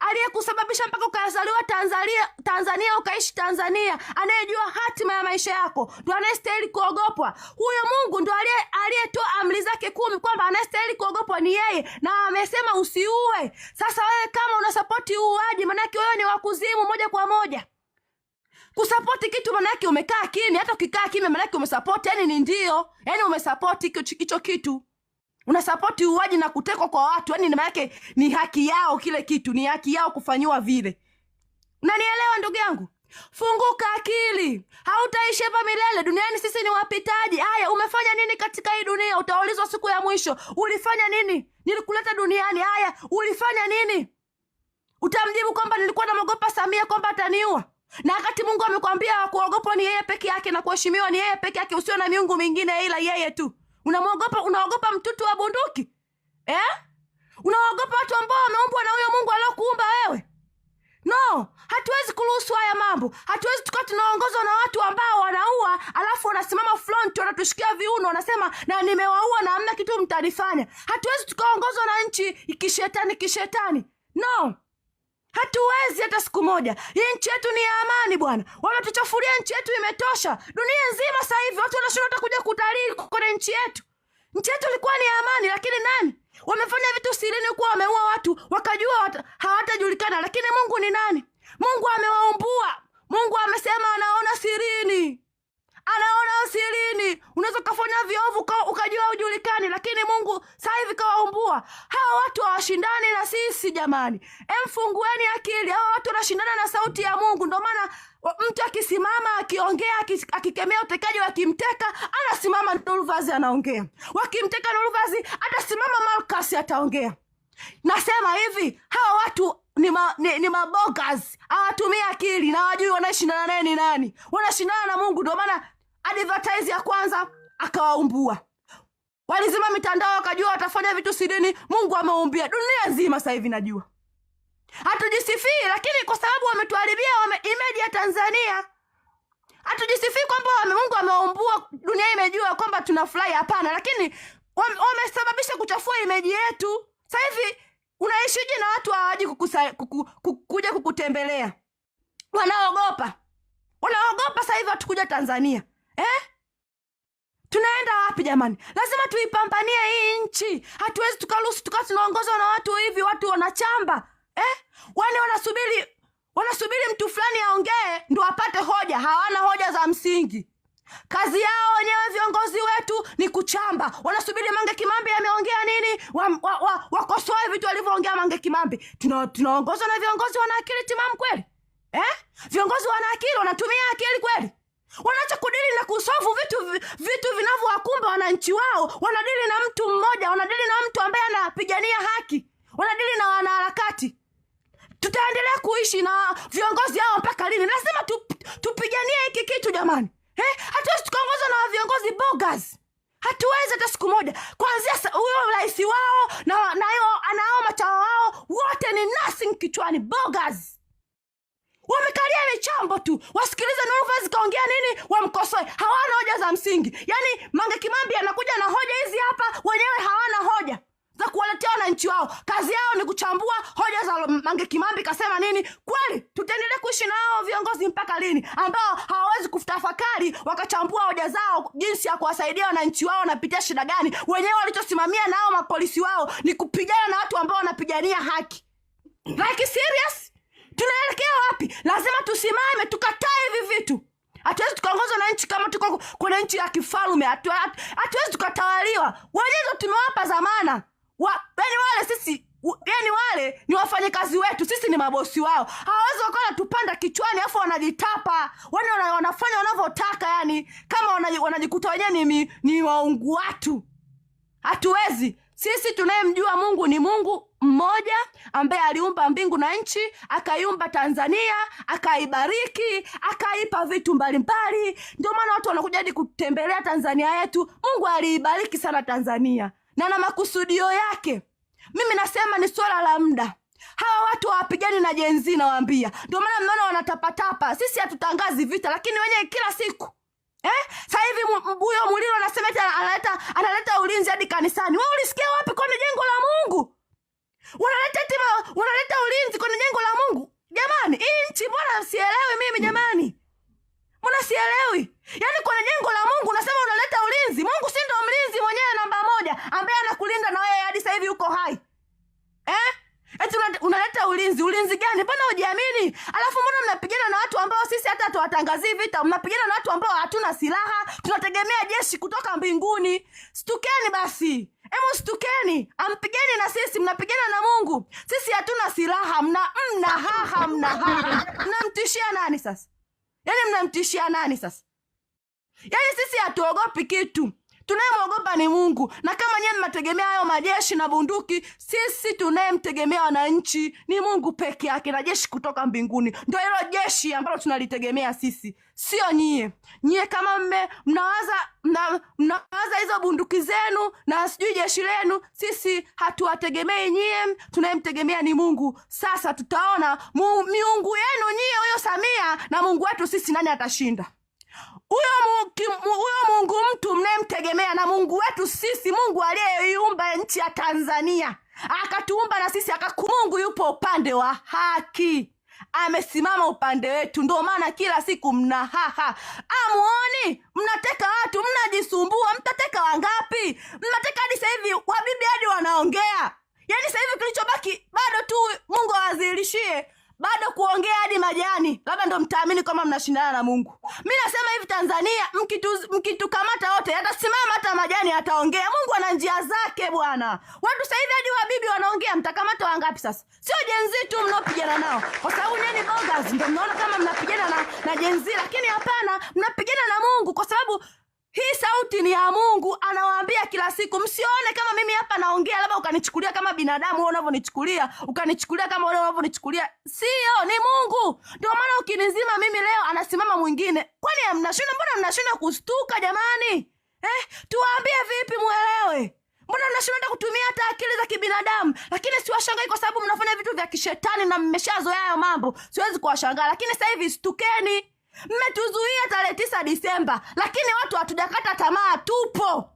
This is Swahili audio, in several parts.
aliyekusababisha mpaka ukazaliwa Tanzania, Tanzania ukaishi Tanzania, anayejua hatima ya maisha yako ndo anayestahili kuogopwa. Huyo Mungu ndo aliyetoa amri zake kumi kwamba anayestahili kuogopwa ni yeye, na amesema usiue. Sasa wewe kama unasapoti uuaji, manake wewe ni wakuzimu moja kwa moja. Kusapoti kitu manake umekaa kimya, hata ukikaa kimya manake umesapoti, yani ni ndio, yani umesapoti hicho kitu unasapoti uwaji na kutekwa kwa watu, yani maana yake ni haki yao, kile kitu ni haki yao kufanyiwa vile. Nanielewa ndugu yangu? Funguka akili, hautaishi hapa milele duniani. Sisi ni wapitaji. aya umefanya nini katika hii dunia? Utaulizwa siku ya mwisho, ulifanya nini? Nilikuleta duniani, aya ulifanya nini? Utamjibu kwamba nilikuwa namogopa Samia kwamba ataniua, na wakati Mungu amekwambia wakuogopwa ni yeye peke yake na kuheshimiwa ni yeye peke yake, usio na miungu mingine ila yeye tu. Unamwogopa, unaogopa mtutu wa bunduki eh? Unaogopa watu ambao wameumbwa na huyo Mungu aliokuumba wewe? No, hatuwezi kuruhusu haya mambo. Hatuwezi tukawa tunaongozwa na watu ambao wanaua, alafu wanasimama front, wanatushikia viuno, wanasema na nimewaua na amna kitu mtanifanya. Hatuwezi tukaongozwa na nchi kishetani kishetani, no. Hatuwezi hata siku moja. Hii nchi yetu ni ya amani bwana, wametuchafulia nchi yetu, imetosha. Dunia nzima sasa hivi watu wanashindwa hata kuja kutalii kwenye nchi yetu. Nchi yetu ilikuwa ni ya amani, lakini nani wamefanya vitu sirini, kuwa wameua watu wakajua hawatajulikana. Lakini Mungu ni nani? Mungu amewaumbua, Mungu amesema anaona sirini anaona usilini. Unaweza ukafanya viovu ukajua ujulikani, lakini Mungu saa hivi kawaumbua hawa watu. Hawashindani na sisi jamani, emfungueni akili. Hawa watu wanashindana na sauti ya Mungu. Ndio maana mtu akisimama akiongea akikemea utekaji, wakimteka anasimama Nuluvazi anaongea, wakimteka Nuluvazi atasimama Malkasi ataongea. Nasema hivi hawa watu ni, ma, ni, ni mabokas awatumia akili na wajui wanashindana naye ni nani, wanashindana na Mungu. Ndio maana advertise ya kwanza akawaumbua, walizima mitandao, wakajua watafanya vitu sidini. Mungu ameumbia dunia nzima sasa hivi, najua hatujisifii, lakini kwa sababu wametuharibia wame image ya Tanzania hatujisifii kwamba Mungu ameumbua dunia, imejua kwamba tunafurahi. Hapana, lakini wamesababisha wame kuchafua imeji yetu sasa hivi Unaishije na watu hawaji kukusa, kuku, kukuja kukutembelea? Wanaogopa, wanaogopa sasa hivi watu kuja Tanzania eh? Tunaenda wapi jamani? Lazima tuipambanie hii nchi. Hatuwezi tukaruhusu tukawa tunaongozwa na watu hivi, watu wanachamba eh? wani wanasubiri wanasubiri mtu fulani aongee ndo apate hoja, hawana hoja za msingi. Kazi yao wenyewe viongozi wetu ni kuchamba. Wanasubiri Mange Kimambi ameongea nini, wakosoe wa, wa, vitu walivyoongea Mange Kimambi. Tunaongozwa na viongozi wana akili timamu kweli eh? Viongozi wana akili, wanatumia akili kweli? kudili na kusofu vitu, vitu vinavyowakumba wananchi wao, wanadili na mtu mmoja, wanadili na mtu ambaye anapigania haki, wanadili na wanaharakati tutaendelea kuishi na viongozi hao mpaka lini? Lazima tupiganie hiki kitu jamani eh? Hatuwezi tukaongozwa na viongozi bogas hatuwezi hata siku moja. Kwanzia huyo rais wao na anao machawa wao wote ni nothing kichwani, bogas wamekalia michambo tu, wasikilize nuruva zikaongea nini, wamkosoe. Hawana hoja za msingi. Yani Mange Kimambi anakuja na hoja hizi hapa, wenyewe hawana hoja za kuwaletea wananchi wao. Kazi yao ni kuchambua hoja za Mange Kimambi kasema nini. Kweli tutaendelea kuishi nao viongozi mpaka lini, ambao hawawezi kutafakari wakachambua hoja zao, jinsi ya kuwasaidia wananchi wao wanapitia shida gani? Wenyewe walichosimamia nao mapolisi wao ni kupigana na watu ambao wanapigania haki. Like serious, tunaelekea wapi? Lazima tusimame tukatae hivi vitu. Hatuwezi tukaongozwa na nchi kama tuko kwenye nchi ya kifalume, hatuwezi tukatawaliwa. Wenyezo tumewapa zamana yaani wale sisi yaani wale ni wafanyakazi wetu, sisi ni mabosi wao. Hawawezi wakawa wanatupanda kichwani afu wanajitapa yaani wana, wanafanya wanavyotaka, yani kama wanajikuta wenyewe ni, ni waungu watu. Hatuwezi sisi. Tunayemjua Mungu ni Mungu mmoja ambaye aliumba mbingu na nchi, akaiumba Tanzania, akaibariki, akaipa vitu mbalimbali. Ndio maana watu wanakuja hadi kutembelea Tanzania yetu. Mungu aliibariki sana Tanzania na na makusudio yake. Mimi nasema ni swala la muda. Hawa watu wawapigani na jenzi, nawaambia. Ndio maana mnaona wanatapatapa. Sisi hatutangazi vita, lakini wenyewe kila siku Eh, sasa hivi huyo mulilo anasema analeta analeta ulinzi hadi kanisani. Wewe ulisikia wapi kwenye jengo la Mungu? Wanaleta tima wanaleta ulinzi kwenye jengo la Mungu. Jamani, hii nchi mbona sielewi mimi jamani? Mbona sielewi? Yaani kwenye jengo la Mungu unasema unaleta ulinzi. Mungu si ndo mlinzi mwenyewe namba moja ambaye anakulinda na wewe hadi sasa hivi uko hai. Eh? Eti unaleta ulinzi, ulinzi gani? Mbona hujiamini? Alafu mbona mnapigana na watu ambao sisi hata hatuwatangazii vita? Mnapigana na watu ambao hatuna silaha, tunategemea jeshi kutoka mbinguni. Stukeni basi. Hebu stukeni, ampigeni na sisi, mnapigana na Mungu. Sisi hatuna silaha, mna mna haha mna haha. Mnamtishia nani sasa? Yaani mnamtishia nani sasa? Yaani sisi hatuogopi kitu, tunayemwogopa ni Mungu. Na kama nyewe mnategemea hayo majeshi na bunduki, sisi tunayemtegemea wananchi ni Mungu peke yake na jeshi kutoka mbinguni. Ndio hilo jeshi ambalo tunalitegemea sisi, sio nyie. Nyie kama mme mnawaza mna, mnawaza hizo bunduki zenu na sijui jeshi lenu, sisi hatuwategemei nyie, tunayemtegemea ni Mungu. Sasa tutaona mu, miungu yenu nyie, huyo Samia na Mungu wetu sisi, nani atashinda? huyo Mungu mtu mnayemtegemea na Mungu wetu sisi, Mungu aliyeiumba nchi ya Tanzania akatuumba na sisi akaku, Mungu yupo upande wa haki, amesimama upande wetu. Ndio maana kila siku mna haha, amuoni, mnateka watu, mnajisumbua. Mtateka wangapi? Mnateka hadi sasa hivi wabibi hadi wanaongea, yaani sasa hivi kilichobaki bado tu Mungu awazilishie bado kuongea hadi majani, labda ndo mtaamini kwamba mnashindana na Mungu. Mi nasema hivi, Tanzania mkitukamata mkitu wote, atasimama hata majani ataongea. Mungu ana njia zake bwana. Watu sahivi hadi wabibi wanaongea, mtakamata wangapi sasa? Sio jenzi tu mnaopigana nao, kwa sababu nini? Bogas ndo mnaona kama mnapigana na, na jenzi, lakini hapana, mnapigana na Mungu kwa sababu hii sauti ni ya Mungu, anawaambia kila siku. Msione kama mimi hapa naongea labda ukanichukulia kama binadamu wewe unavyonichukulia, ukanichukulia kama wewe unavyonichukulia. Sio, ni Mungu. Ndio maana ukinizima mimi leo, anasimama mwingine. Kwani mnashinda, mbona mnashinda kustuka jamani? Eh, tuwaambie vipi muelewe? Mbona mnashinda kutumia hata akili za kibinadamu? Lakini siwashangai kwa sababu mnafanya vitu vya kishetani na mmeshazoea hayo mambo. Siwezi kuwashangaa, lakini sasa hivi stukeni. Mmetuzuia tarehe tisa Disemba, lakini watu hatujakata tamaa, tupo.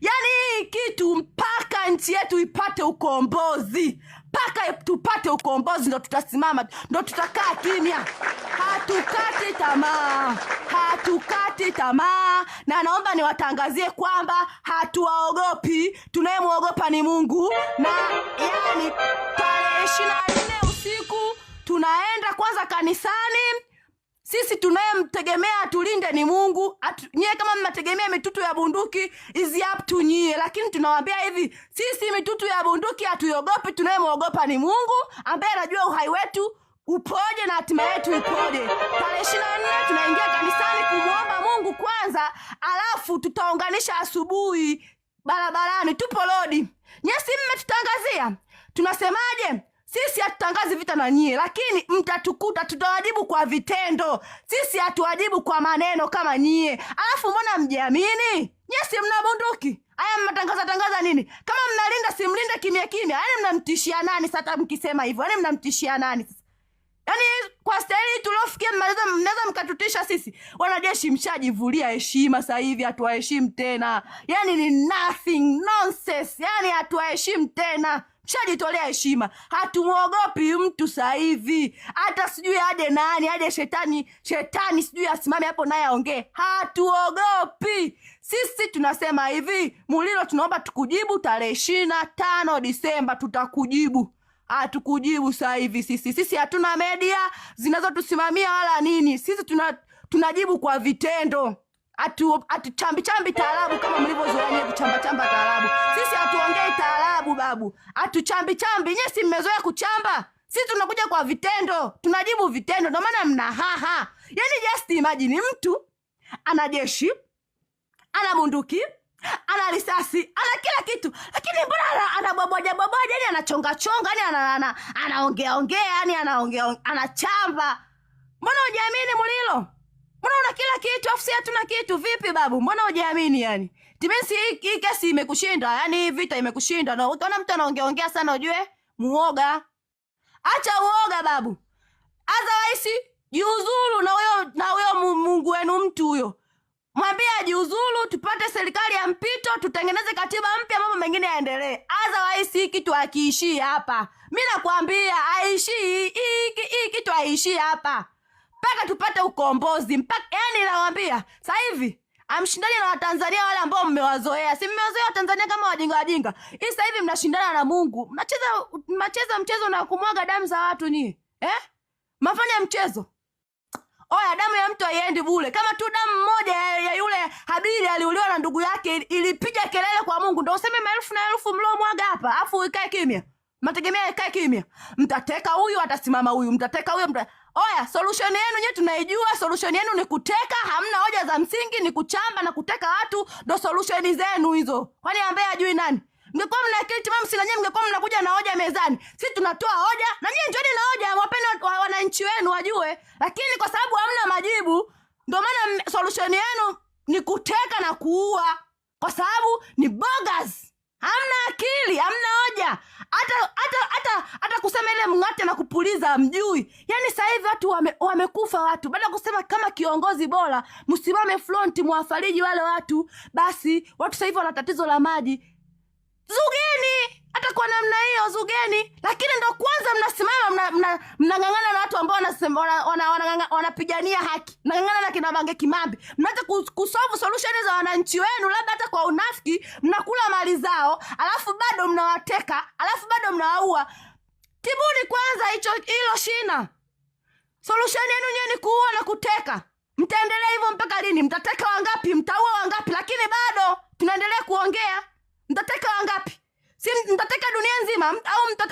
Yaani hii kitu mpaka nchi yetu ipate ukombozi, mpaka tupate ukombozi, ndo tutasimama, ndo tutakaa kimya. Hatukati tamaa, hatukati tamaa, na naomba niwatangazie kwamba hatuwaogopi. Tunayemwogopa ni Mungu. Na yani tarehe ishirini nne usiku tunaenda kwanza kanisani sisi tunayemtegemea tulinde ni Mungu. Nyie kama mnategemea mitutu ya bunduki is up to nyie, lakini tunawaambia hivi, sisi mitutu ya bunduki hatuiogopi. Tunayemwogopa ni Mungu ambaye anajua uhai wetu upoje na hatima yetu ipoje. Tarehe ishirini na nne tunaingia kanisani kumwomba Mungu kwanza, alafu tutaunganisha asubuhi barabarani, tupo lodi. Nyie si mmetutangazia, tunasemaje? Sisi hatutangazi vita na nyie, lakini mtatukuta, tutawajibu kwa vitendo. Sisi hatuwajibu kwa maneno kama nyie. Alafu mbona mjiamini? Nyie si mna bunduki? Haya mnatangaza tangaza nini? Kama mnalinda simlinde kimya kimya. Yaani mnamtishia nani sasa mkisema hivyo? Yaani mnamtishia nani Yaani kwa staili tuliofikia mnaweza mnaweza mkatutisha sisi. Wanajeshi mshajivulia heshima sasa hivi hatuwaheshimu tena. Yaani ni nothing nonsense. Yaani hatuwaheshimu tena shajitolea heshima, hatumwogopi mtu saa hivi. Hata sijui aje nani aje shetani, shetani sijui asimame hapo naye aongee, hatuogopi sisi. Tunasema hivi, Mulilo, tunaomba tukujibu tarehe ishirini na tano Disemba, tutakujibu hatukujibu saa hivi sisi. Sisi hatuna media zinazotusimamia wala nini, sisi tuna, tunajibu kwa vitendo atu atuchambi chambi taarabu kama mlivyozoea kuchamba chamba taarabu. Sisi hatuongei taarabu babu, atuchambi chambi. Nyie si mmezoea kuchamba, sisi tunakuja kwa vitendo, tunajibu vitendo, ndio maana mna haha. Yani just imagine mtu ana jeshi, ana bunduki, ana risasi, ana kila kitu, lakini mbona anaboboja boboja, yani anachonga chonga, yani anaongea ongea, yani anaongea anachamba. Mbona ujaamini mulilo Mbona una kila kitu afu si hatuna kitu? Vipi babu, mbona hujaamini yani? Timensi hii kesi imekushinda, yani hii vita imekushinda. Na utaona mtu anaongea sana ujue muoga. Acha uoga babu. Otherwise jiuzuru na huyo na huyo Mungu wenu mtu huyo. Mwambie ajiuzuru tupate serikali ya mpito, tutengeneze katiba mpya, mambo mengine yaendelee. Otherwise hii kitu hakiishii hapa. Mimi nakwambia haishii, hii kitu haishii hapa mpaka tupate ukombozi mpaka, yani nawambia sasa hivi amshindani na Watanzania wale ambao mmewazoea, si mmewazoea Watanzania kama wajinga wajinga. Hii sasa hivi mnashindana na Mungu, mnacheza mnacheza mchezo na kumwaga damu za watu nyie, eh? mafanya mchezo. Oya, damu ya mtu haiendi bure. Kama tu damu moja ya ya yule Habili aliuliwa na ndugu yake ilipiga kelele kwa Mungu, ndio useme maelfu na elfu mliomwaga hapa, afu ikae kimya? mategemea ikae kimya? Mtateka huyu, atasimama huyu, mtateka huyu, mtateka Oya, solution yenu nyewe tunaijua. Solution yenu ni kuteka, hamna hoja za msingi, ni kuchamba na kuteka watu, ndo solution zenu hizo. Kwani ambaye ajui nani? Mngekuwa mna akili timamu, si nanyie mngekuwa mnakuja na hoja mezani. si tunatoa hoja na nyie njoeni na hoja, wapeni wananchi wenu wajue, lakini kwa sababu hamna majibu, ndo maana solution yenu ni kuteka na kuua, kwa sababu ni bogus, hamna akili, hamna hoja hata hata hata hata kusema ile mng'ate na kupuliza mjui. Yani sasa hivi watu wame, wamekufa watu, baada ya kusema kama kiongozi bora msimame front mwafariji wale watu, basi watu sasa hivi wana tatizo la maji. Zugeni hata kwa namna hiyo zugeni, lakini ndo kwanza mnasimama mnang'ang'ana mna, mna na watu ambao wanapigania wana, wana, wana, wana haki, mnang'ang'ana na kina Mange Kimambi, mnataka kusolve solution za wananchi wenu, labda hata kwa unafiki mnakula mali zao, alafu bado mnawateka, alafu bado mnawaua. Tibuni kwanza hicho hilo shina. Solution yenu nyewe ni kuua na kuteka. Mtaendelea hivyo mpaka lini? Mtateka wangapi? Mtaua wangapi? Lakini bado tunaendelea kuongea. Mtateka wangapi? si mtateka dunia nzima au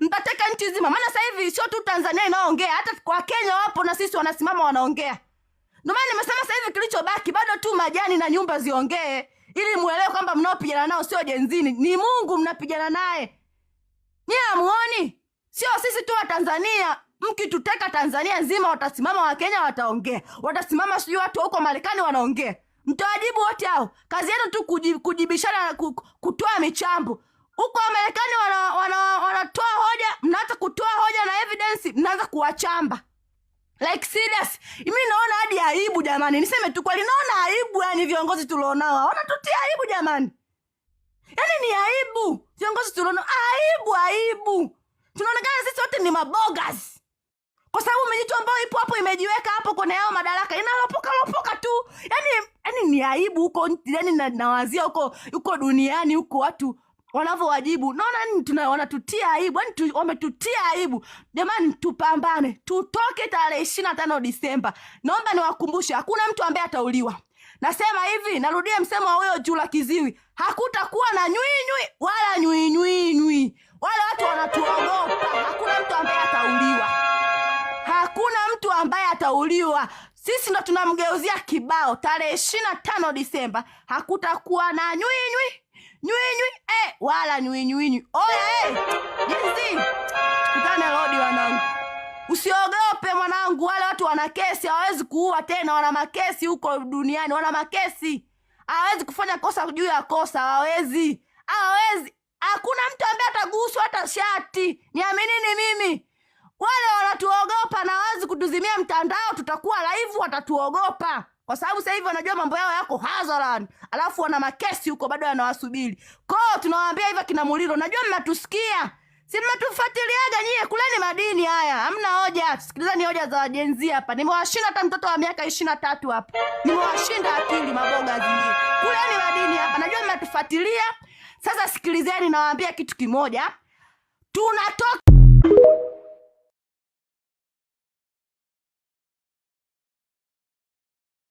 mtateka nchi nzima? Maana sasa hivi sio tu Tanzania inaongea, hata kwa Kenya wapo na sisi wanasimama wanaongea. Ndio maana nimesema sasa hivi kilichobaki bado tu majani na nyumba ziongee, ili muelewe kwamba mnaopigana nao sio jenzini, ni Mungu mnapigana naye. Nyie amuoni Sio sisi tu wa Tanzania. Mkituteka Tanzania nzima, watasimama Wakenya wataongea, watasimama sijui watu huko Marekani wanaongea. Mtawajibu wote hao. Kazi yenu tu kujibishana kutoa michambo huko Wamarekani wanatoa wana, wana hoja, mnaanza kutoa hoja na evidence, mnaanza kuwachamba like serious. Mimi naona hadi aibu jamani, niseme tu kweli, naona aibu yani viongozi tulionao hawana tutia aibu jamani, yani ni aibu viongozi tulionao, aibu aibu, tunaonekana sisi wote ni mabogas kwa sababu mijitu ambayo ipo hapo imejiweka hapo kwenye yao madaraka inalopoka lopoka tu, yani yani ni aibu huko, yani nawazia huko huko duniani huko watu wanavyowajibu naona tuna wanatutia aibu yani tu, wametutia aibu jamani, tupambane tutoke tarehe ishiri na tano Disemba. Naomba niwakumbushe hakuna mtu ambaye atauliwa. Nasema hivi, narudia msemo wa huyo Jula Kiziwi, hakutakuwa na nywinywi wala nywinywinywi. Wale watu wanatuogopa. Hakuna mtu ambaye atauliwa, hakuna mtu ambaye atauliwa. Sisi ndo tunamgeuzia kibao tarehe ishiri na tano Disemba, hakutakuwa na nywinywi nywinywi eh, wala nywinywinywi oya eh. Jinsi rodi wanangu, usiogope mwanangu. Wale watu wana kesi, hawawezi kuua tena, wana makesi huko duniani, wana makesi. Hawawezi kufanya kosa juu ya kosa, hawawezi, hawawezi. Hakuna mtu ambaye ataguswa hata shati, niaminini mimi. Wale wanatuogopa na wawezi kutuzimia mtandao, tutakuwa live, watatuogopa kwa sababu sasa hivi wanajua mambo yao yako hadharani, alafu wana makesi huko bado yanawasubiri kwao. Tunawaambia hivyo kina Muliro, najua mnatusikia, si mnatufuatiliaga nyie, kuleni madini haya, hamna hoja. Sikilizani hoja za wajenzi hapa, nimewashinda hata mtoto wa miaka ishirini tatu hapa, nimewashinda akili maboga zingine. Kuleni madini hapa, najua mnatufuatilia. Sasa sikilizeni, nawaambia kitu kimoja, tunatoka